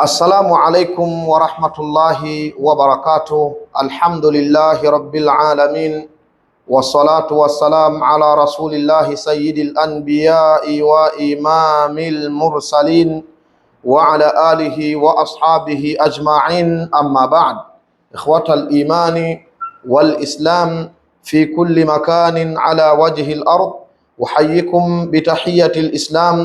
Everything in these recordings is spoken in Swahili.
ورحمة الله وبركاته الحمد لله رب العالمين والصلاة والسلام على رسول الله سيد الأنبياء وإمام المرسلين وعلى آله وأصحابه أجمعين أما بعد إخوة الإيمان والإسلام في كل مكان على وجه الأرض أحييكم بتحية الإسلام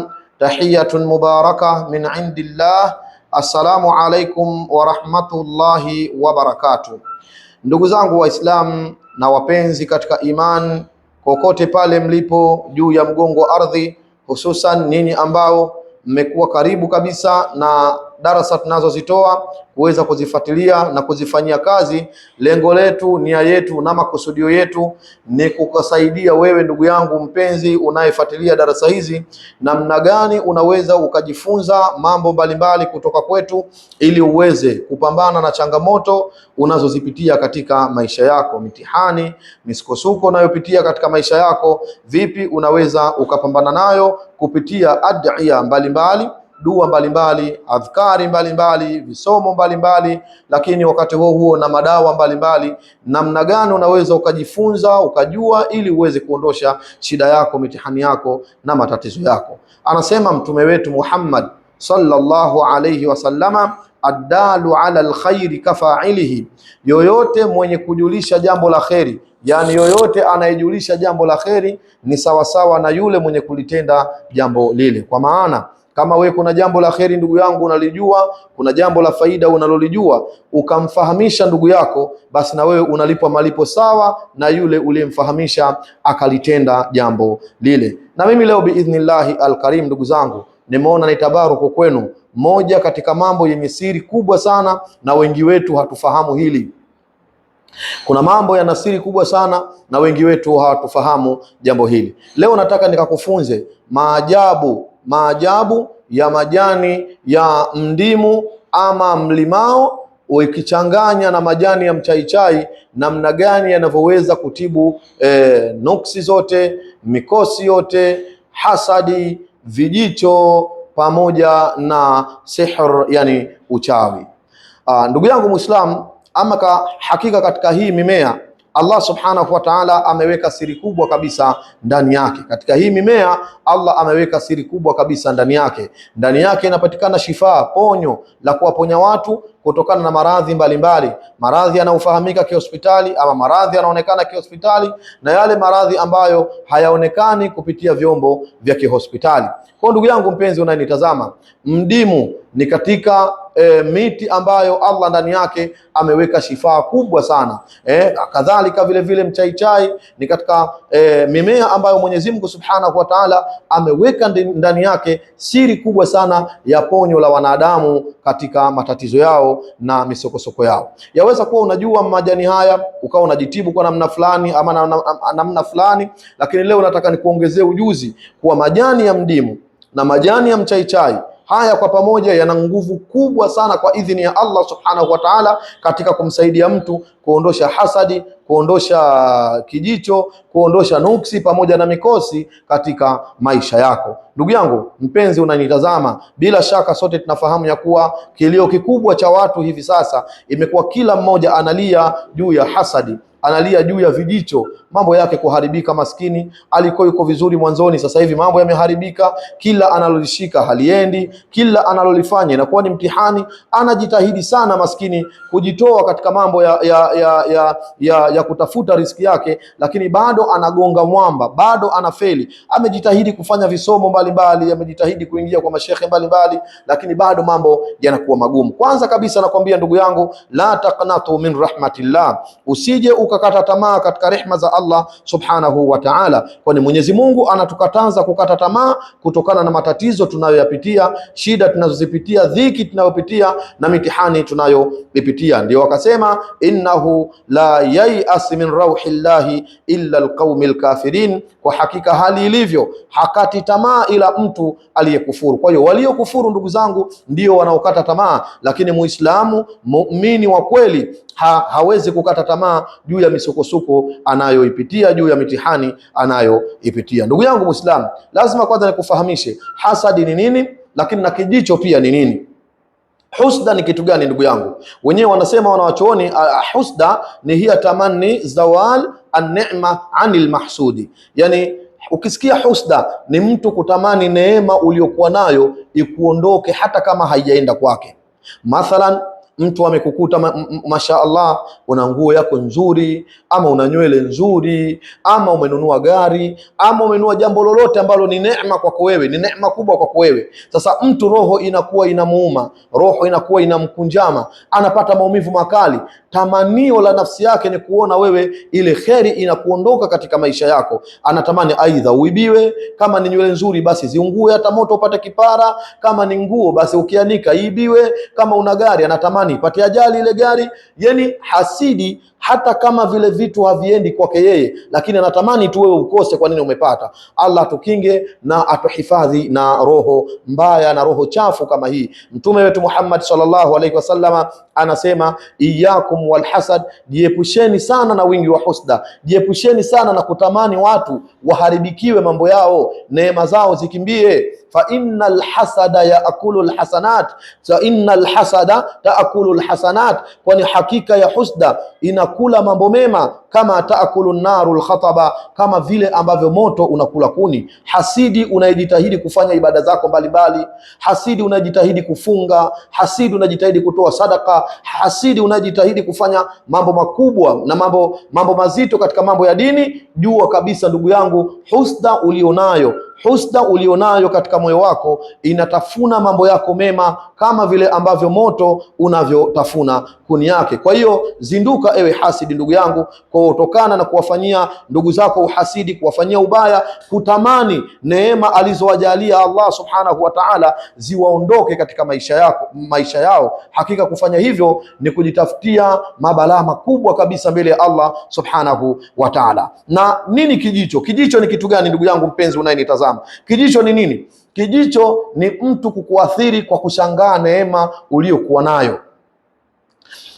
تحية مباركة من عند الله Assalamu alaikum warahmatullahi wabarakatuh. Ndugu zangu Waislamu na wapenzi katika imani, kokote pale mlipo juu ya mgongo wa ardhi, hususan ninyi ambao mmekuwa karibu kabisa na darasa tunazozitoa kuweza kuzifuatilia na kuzifanyia kazi. Lengo letu, nia yetu na makusudio yetu ni kukusaidia wewe ndugu yangu mpenzi unayefuatilia darasa hizi, namna gani unaweza ukajifunza mambo mbalimbali kutoka kwetu ili uweze kupambana na changamoto unazozipitia katika maisha yako, mitihani, misukosuko unayopitia katika maisha yako, vipi unaweza ukapambana nayo kupitia adhiya mbalimbali dua mbalimbali, adhkari mbalimbali, visomo mbalimbali, lakini wakati huo huo na madawa mbalimbali. Namna gani unaweza ukajifunza ukajua, ili uweze kuondosha shida yako, mitihani yako na matatizo yako. Anasema mtume wetu Muhammad sallallahu alayhi wasallama addalu ala alkhairi kafailihi, yoyote mwenye kujulisha jambo la kheri, yani yoyote anayejulisha jambo la kheri ni sawasawa na yule mwenye kulitenda jambo lile. Kwa maana kama we kuna jambo la kheri ndugu yangu unalijua, kuna jambo la faida unalolijua, ukamfahamisha ndugu yako, basi na wewe unalipwa malipo sawa na yule uliyemfahamisha akalitenda jambo lile. Na mimi leo biidhnillahi alkarim, ndugu zangu, nimeona ni tabaruku kwenu, moja katika mambo yenye siri kubwa sana, na wengi wetu hatufahamu hili. Kuna mambo yana siri kubwa sana na wengi wetu hawatufahamu jambo hili. Leo nataka nikakufunze maajabu maajabu ya majani ya mdimu ama mlimao ukichanganya na majani ya mchaichai, namna gani yanavyoweza kutibu e, nuksi zote, mikosi yote, hasadi, vijicho pamoja na sihr, yani uchawi. Aa, ah, ndugu yangu Muislamu, ama ka hakika katika hii mimea Allah subhanahu wa ta'ala ameweka siri kubwa kabisa ndani yake. Katika hii mimea Allah ameweka siri kubwa kabisa ndani yake. Ndani yake inapatikana shifaa, ponyo la kuwaponya watu kutokana na maradhi mbalimbali, maradhi yanayofahamika kihospitali ama maradhi yanaonekana kihospitali na yale maradhi ambayo hayaonekani kupitia vyombo vya kihospitali. Kwa ndugu yangu mpenzi unayenitazama, mdimu ni katika e, miti ambayo Allah ndani yake ameweka shifaa kubwa sana e, kadhalika vile vile mchaichai ni katika e, mimea ambayo Mwenyezi Mungu Subhanahu wa Ta'ala ameweka ndani yake siri kubwa sana ya ponyo la wanadamu katika matatizo yao na misokosoko yao. Yaweza kuwa unajua majani haya ukawa unajitibu kwa namna fulani ama namna fulani, lakini leo nataka nikuongezee ujuzi kuwa majani ya mdimu na majani ya mchaichai. Haya kwa pamoja yana nguvu kubwa sana kwa idhini ya Allah subhanahu wa ta'ala, katika kumsaidia mtu kuondosha hasadi, kuondosha kijicho, kuondosha nuksi pamoja na mikosi katika maisha yako. Ndugu yangu mpenzi, unanitazama, bila shaka sote tunafahamu ya kuwa kilio kikubwa cha watu hivi sasa imekuwa kila mmoja analia juu ya hasadi analia juu ya vijicho, mambo yake kuharibika. Maskini alikuwa yuko vizuri mwanzoni, sasa hivi mambo yameharibika. Kila analolishika haliendi, kila analolifanya inakuwa ni mtihani. Anajitahidi sana maskini kujitoa katika mambo ya, ya, ya, ya, ya, ya kutafuta riski yake, lakini bado anagonga mwamba, bado anafeli. Amejitahidi kufanya visomo mbalimbali, amejitahidi kuingia kwa mashehe mbalimbali, lakini bado mambo yanakuwa magumu. Kwanza kabisa nakwambia ndugu yangu, la taqnatu min rahmatillah, usije uka tukakata tamaa katika rehma za Allah subhanahu wa ta'ala, kwani Mwenyezi Mungu anatukataza kukata tamaa kutokana na matatizo tunayoyapitia, shida tunazozipitia, dhiki tunayopitia na mitihani tunayoipitia. Ndio wakasema innahu la yayas min rauhillahi illa alqaumil kafirin, kwa hakika hali ilivyo hakati tamaa ila mtu aliyekufuru. Kwa hiyo waliokufuru, ndugu zangu, ndio wanaokata tamaa, lakini muislamu muumini wa kweli ha, hawezi kukata tamaa juu ya misukosuko anayoipitia, juu ya mitihani anayoipitia. Ndugu yangu Muislamu, lazima kwanza nikufahamishe hasadi ni nini, lakini na kijicho pia ni nini. Husda ni kitu gani? Ndugu yangu, wenyewe wanasema wanawachooni, ah, ah, husda ni hiya tamani zawal an-ni'ma anil mahsudi, yani ukisikia husda ni mtu kutamani neema uliyokuwa nayo ikuondoke hata kama haijaenda kwake. Mathalan mtu amekukuta mashaallah una nguo yako nzuri, ama una nywele nzuri, ama umenunua gari, ama umenunua jambo lolote ambalo ni neema kwako wewe, ni neema kubwa kwako wewe. Sasa mtu roho inakuwa inamuuma, roho inakuwa inamkunjama, anapata maumivu makali. Tamanio la nafsi yake ni kuona wewe ile kheri inakuondoka katika maisha yako. Anatamani aidha uibiwe, kama ni nywele nzuri basi ziungue hata moto upate kipara, kama ni nguo basi ukianika iibiwe, kama una gari anatamani fulani, pati ajali ile gari. Yani hasidi hata kama vile vitu haviendi kwake yeye, lakini anatamani tu wewe ukose. Kwa nini umepata? Allah tukinge na atuhifadhi na roho mbaya na roho chafu kama hii. Mtume wetu Muhammad sallallahu alaihi wasallama anasema, iyakum walhasad, jiepusheni sana na wingi wa husda, jiepusheni sana na kutamani watu waharibikiwe mambo yao, neema zao zikimbie. fa innal hasada yaakulu alhasanat, fa innal hasada ta taakulu lhasanat, kwani hakika ya husda inakula mambo mema, kama taakulu naru lkhataba, kama vile ambavyo moto unakula kuni. Hasidi unayejitahidi kufanya ibada zako mbalimbali, hasidi unayejitahidi kufunga, hasidi unajitahidi kutoa sadaka, hasidi unayejitahidi kufanya mambo makubwa na mambo mambo mazito katika mambo ya dini, jua kabisa ndugu yangu, husda ulionayo husda ulionayo katika moyo wako inatafuna mambo yako mema kama vile ambavyo moto unavyotafuna kuni yake. Kwa hiyo zinduka, ewe hasidi, ndugu yangu, kwa kutokana na kuwafanyia ndugu zako uhasidi, kuwafanyia ubaya, kutamani neema alizowajalia Allah subhanahu wa ta'ala ziwaondoke katika maisha yako, maisha yao. Hakika kufanya hivyo ni kujitafutia mabalaa makubwa kabisa mbele ya Allah subhanahu wa ta'ala. Na nini kijicho? Kijicho ni kitu gani, ndugu yangu mpenzi unayenitazama? kutazama. Kijicho ni nini? Kijicho ni mtu kukuathiri kwa kushangaa neema uliyokuwa nayo.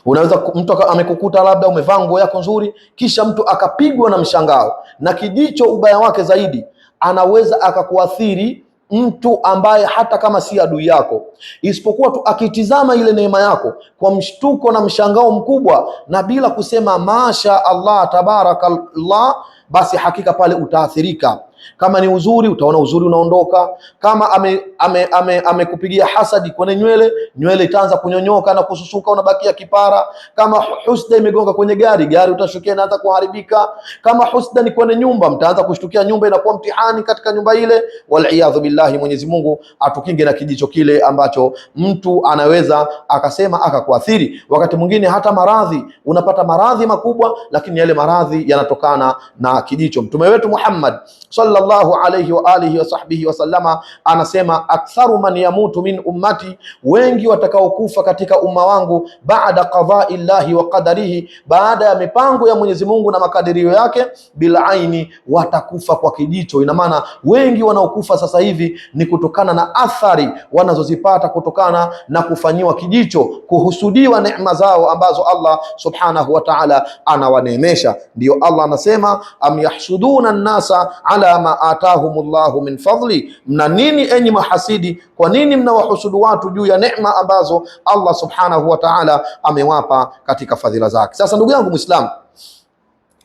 Unaweza mtu amekukuta labda umevaa nguo yako nzuri, kisha mtu akapigwa na mshangao. Na kijicho ubaya wake zaidi, anaweza akakuathiri mtu ambaye hata kama si adui yako, isipokuwa tu akitizama ile neema yako kwa mshtuko na mshangao mkubwa, na bila kusema masha Allah tabarakallah, basi hakika pale utaathirika. Kama ni uzuri, utaona uzuri unaondoka. Kama amekupigia ame, ame, ame hasadi kwenye nywele, nywele itaanza kunyonyoka na kususuka, unabakia kipara. Kama husda imegonga kwenye gari, gari utashukia inaanza kuharibika. Kama husda ni kwenye nyumba, mtaanza kushtukia nyumba inakuwa mtihani katika nyumba ile. Waliyadhu billahi, Mwenyezi Mungu atukinge na kijicho kile ambacho mtu anaweza akasema akakuathiri. Wakati mwingine hata maradhi unapata maradhi makubwa, lakini yale maradhi yanatokana na kijicho. Mtume wetu Muhammad sallallahu alayhi wa alihi wa sahbihi sallama anasema, aktharu man yamutu min ummati, wengi watakaokufa katika umma wangu, baada qadhai llahi wa qadarihi, baada ya mipango ya Mwenyezi Mungu na makadirio yake, aini, watakufa kwa kijicho. Ina maana wengi wanaokufa sasa hivi ni kutokana na athari wanazozipata kutokana na kufanyiwa kijicho, kuhusudiwa neema zao ambazo Allah subhanahu wa ta'ala anawaneemesha. Ndiyo Allah anasema, am yahsuduna nnasa ala ma atahumullahu min fadli, mna nini enyi mahasidi? Kwa nini mnawahusudu watu juu ya neema ambazo Allah subhanahu wa ta'ala amewapa katika fadhila zake? Sasa ndugu yangu Muislamu,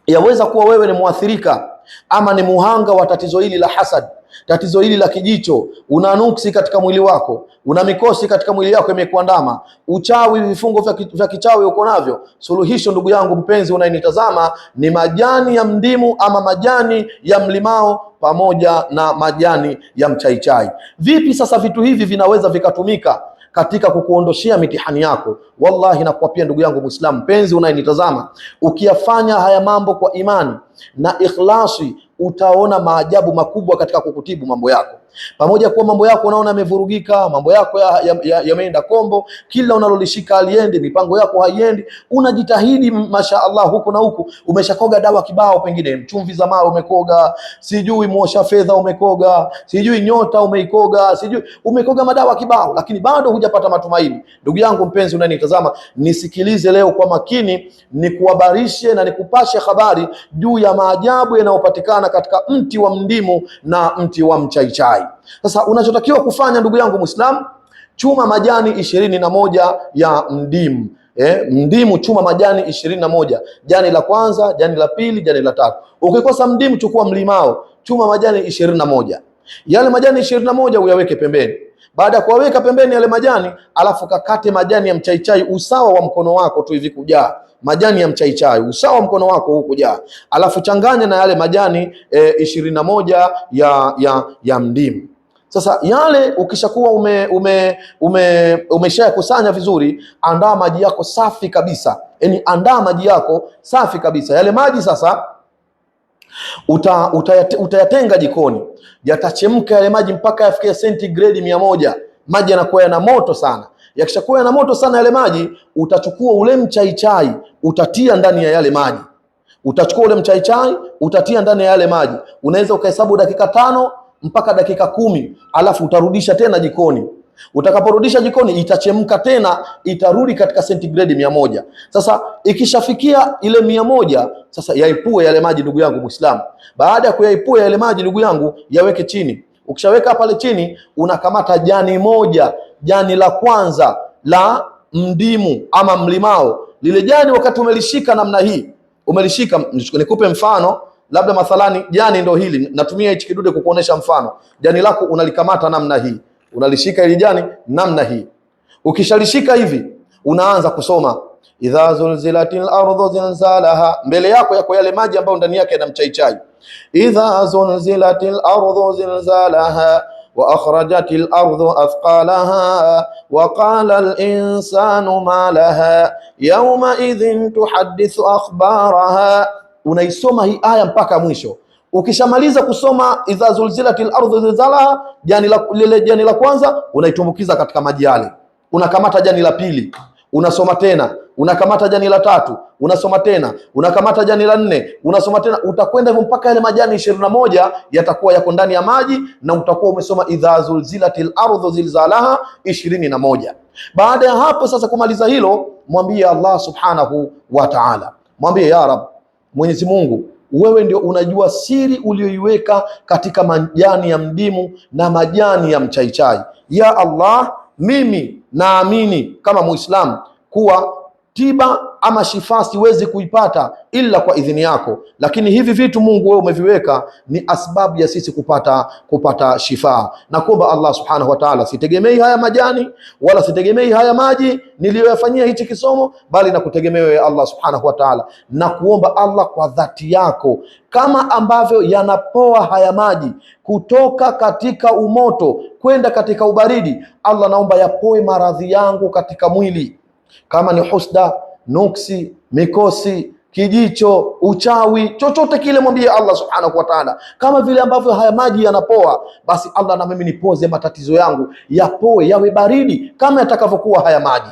yaweza kuwa wewe ni mwathirika ama ni muhanga wa tatizo hili la hasad tatizo hili la kijicho, una nuksi katika mwili wako, una mikosi katika mwili wako imekuandama, uchawi, vifungo vya kichawi uko navyo, suluhisho ndugu yangu mpenzi unayenitazama ni majani ya mdimu ama majani ya mlimao pamoja na majani ya mchaichai. Vipi sasa vitu hivi vinaweza vikatumika katika kukuondoshea mitihani yako. Wallahi nakuapia ndugu yangu Muislamu mpenzi unayenitazama, ukiyafanya haya mambo kwa imani na ikhlasi utaona maajabu makubwa katika kukutibu mambo yako. Pamoja kuwa mambo yako unaona yamevurugika, mambo yako yameenda ya, ya kombo, kila unalolishika aliendi, mipango yako haiendi, unajitahidi masha Allah huku na huku, umeshakoga dawa kibao, pengine mchumvi za mawe umekoga, sijui mwosha fedha umekoga, sijui nyota umeikoga, sijui umekoga madawa kibao, lakini bado hujapata matumaini. Ndugu yangu mpenzi unanitazama, nisikilize leo kwa makini, nikuhabarishe na nikupashe habari juu ya maajabu yanayopatikana katika mti wa mdimu na mti wa mchaichai hai. Sasa unachotakiwa kufanya ndugu yangu Muislamu, chuma majani ishirini na moja ya mdimu. Eh, mdimu chuma majani ishirini na moja jani la kwanza, jani la pili, jani la tatu. Ukikosa mdimu, chukua mlimao, chuma majani ishirini na moja yale majani ishirini na moja uyaweke pembeni. Baada ya kuwaweka pembeni yale majani, alafu kakate majani ya mchaichai usawa wa mkono wako tu hivi kujaa majani ya mchaichai, usawa mkono wako huku jaa, alafu changanya na yale majani e, ishirini na moja ya, ya, ya mdimu. Sasa yale ukishakuwa ume, ume, ume, umeshayakusanya vizuri, andaa maji yako safi kabisa, yaani andaa maji yako safi kabisa. Yale maji sasa uta, utayate, utayatenga jikoni, yatachemka yale maji mpaka yafikia sentigredi mia moja. Maji yanakuwa yana moto sana. Yakishakuwa yana moto sana yale maji, utachukua ule mchaichai utatia ndani ya yale maji, utachukua ule mchaichai utatia ndani ya yale maji. Unaweza ukahesabu dakika tano mpaka dakika kumi alafu utarudisha tena jikoni. Utakaporudisha jikoni itachemka tena, itarudi katika sentigredi mia moja. Sasa ikishafikia ile mia moja, sasa yaipue yale maji ndugu yangu Muislamu. Baada ya kuyaipua yale maji ndugu yangu, yaweke chini Ukishaweka pale chini, unakamata jani moja, jani la kwanza la mdimu ama mlimao. Lile jani wakati umelishika namna hii, umelishika nikupe mfano labda mathalani, jani ndo hili, natumia hichi kidude kukuonesha mfano. Jani lako unalikamata namna hii, unalishika ili jani namna hii. Ukishalishika hivi, unaanza kusoma idha zulzilatil ardhu zilzalaha. Mbele yako yako yale maji ambayo ndani yake yana mchaichai idha zunzilatil ardu zilzalaha wa akhrajatil ardu athqalaha wa qala al insanu ma laha yawma idhin tuhaddithu akhbaraha. Unaisoma hii aya mpaka mwisho. Ukishamaliza kusoma idha zulzilatil ardu zilzalaha, jani la lile jani la kwanza unaitumbukiza katika maji yale, unakamata jani la pili unasoma tena, unakamata jani la tatu, unasoma tena, unakamata jani la nne, unasoma tena, utakwenda hivyo mpaka yale majani ishirini na moja yatakuwa yako ndani ya maji, na utakuwa umesoma idha zulzilatil ardhu zilzalaha ishirini na moja. Baada ya hapo sasa, kumaliza hilo, mwambie Allah subhanahu wa ta'ala, mwambie ya Rab, Mwenyezi Mungu wewe ndio unajua siri uliyoiweka katika majani ya mdimu na majani ya mchaichai. Ya Allah mimi naamini kama Muislamu kuwa tiba ama shifa siwezi kuipata ila kwa idhini yako, lakini hivi vitu Mungu wewe umeviweka ni asbabu ya sisi kupata kupata shifa. Na kuomba Allah subhanahu wa ta'ala, sitegemei haya majani wala sitegemei haya maji niliyoyafanyia hichi kisomo, bali nakutegemea wewe Allah subhanahu wa ta'ala, na kuomba Allah kwa dhati yako, kama ambavyo yanapoa haya maji kutoka katika umoto kwenda katika ubaridi. Allah, naomba yapoe maradhi yangu katika mwili kama ni husda, nuksi, mikosi, kijicho, uchawi, chochote kile, mwambie Allah subhanahu wa ta'ala. Kama vile ambavyo haya maji yanapoa, basi Allah na mimi nipoze matatizo yangu, yapoe yawe baridi kama yatakavyokuwa haya maji.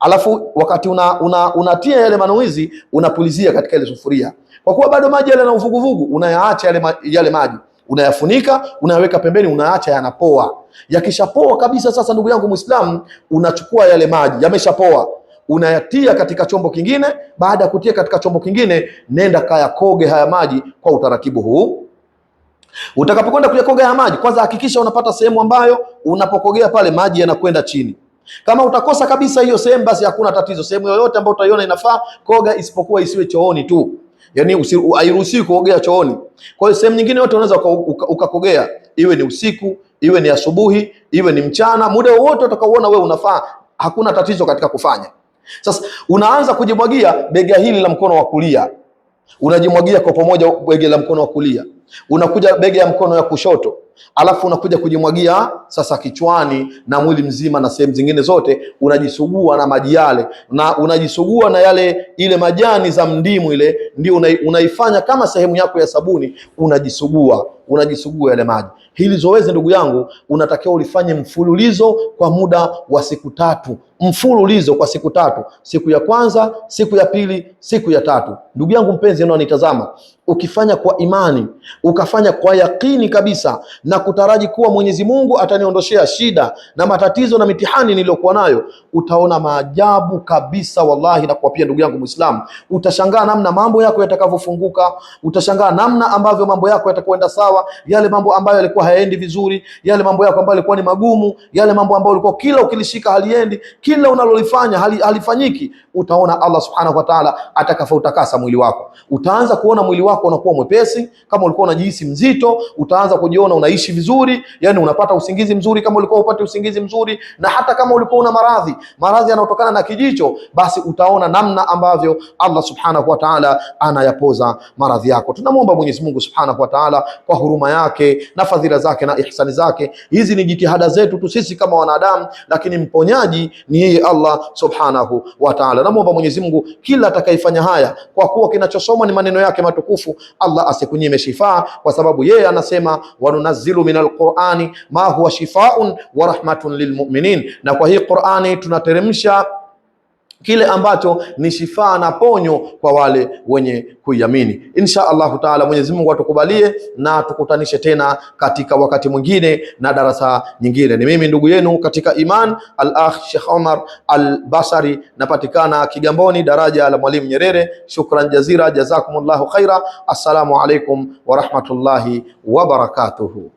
Alafu wakati unatia una, una yale manuizi unapulizia katika ile sufuria, kwa kuwa bado maji yale yana uvuguvugu, unayaacha yale, yale maji unayafunika unayaweka pembeni, unaacha yanapoa. Yakishapoa kabisa, sasa ndugu yangu Muislamu, unachukua yale maji, yameshapoa unayatia katika chombo kingine. Baada ya kutia katika chombo kingine, nenda kayakoge haya maji kwa utaratibu huu. Utakapokwenda kuyakoga haya maji, kwanza hakikisha unapata sehemu ambayo unapokogea pale maji yanakwenda chini. Kama utakosa kabisa hiyo sehemu, basi hakuna tatizo. Sehemu yoyote ambayo utaiona inafaa koga, isipokuwa isiwe chooni tu. Yani hairuhusiwi kuogea chooni. Kwa hiyo sehemu nyingine yote unaweza ukakogea uka, iwe ni usiku, iwe ni asubuhi, iwe ni mchana, muda wowote utakaoona wewe unafaa, hakuna tatizo katika kufanya. Sasa unaanza kujimwagia bega hili la mkono wa kulia, unajimwagia kwa pamoja bega la mkono wa kulia, unakuja bega ya mkono ya kushoto, alafu unakuja kujimwagia sasa kichwani na mwili mzima na sehemu zingine zote, unajisugua na maji yale, na unajisugua na yale ile majani za mdimu ile, ndio unaifanya kama sehemu yako ya sabuni, unajisugua unajisugua yale maji. Hili zoezi ndugu yangu, unatakiwa ulifanye mfululizo kwa muda wa siku tatu, mfululizo kwa siku tatu, siku ya kwanza, siku ya pili, siku ya tatu. Ndugu yangu mpenzi unaonitazama, ukifanya kwa imani, ukafanya kwa yakini kabisa na kutaraji kuwa Mwenyezi Mungu ataniondoshea shida na matatizo na mitihani niliyokuwa nayo, utaona maajabu kabisa wallahi. Na kwa pia ndugu yangu Muislamu, utashangaa namna mambo yako yatakavyofunguka, utashangaa namna ambavyo mambo yako yatakwenda sawa sawa, yale mambo ambayo yalikuwa hayaendi vizuri, yale mambo yako ambayo yalikuwa ni magumu, yale mambo ambayo ulikuwa kila ukilishika haliendi, kila unalolifanya halifanyiki, utaona Allah subhanahu wa ta'ala atakavyotakasa mwili wako. Utaanza kuona mwili wako unakuwa mwepesi, kama ulikuwa unajihisi mzito, utaanza kujiona unaishi vizuri, yani unapata usingizi mzuri kama ulikuwa upate usingizi mzuri, na hata kama ulikuwa una maradhi, maradhi yanayotokana na kijicho, basi utaona namna ambavyo Allah subhanahu wa ta'ala anayapoza maradhi yako. Tunamwomba Mwenyezi Mungu subhanahu wa ta'ala kwa huruma yake na fadhila zake na ihsani zake. Hizi ni jitihada zetu tu sisi kama wanadamu, lakini mponyaji ni yeye Allah subhanahu wa ta'ala namwomba Mwenyezi Mungu kila atakayefanya haya, kwa kuwa kinachosomwa ni maneno yake matukufu, Allah asikunyime shifaa, kwa sababu yeye anasema wanunazzilu minal qur'ani ma huwa shifaun wa rahmatun lilmu'minin, na kwa hii Qur'ani tunateremsha kile ambacho ni shifaa na ponyo kwa wale wenye kuiamini. Insha Allahu taala, Mwenyezi Mungu atukubalie na tukutanishe tena katika wakati mwingine na darasa nyingine. Ni mimi ndugu yenu katika iman al-akh Sheikh Omar al-Basari, napatikana Kigamboni, daraja la Mwalimu Nyerere. Shukran jazira, jazakumullahu khaira. Assalamu alaikum wa rahmatullahi wa barakatuhu.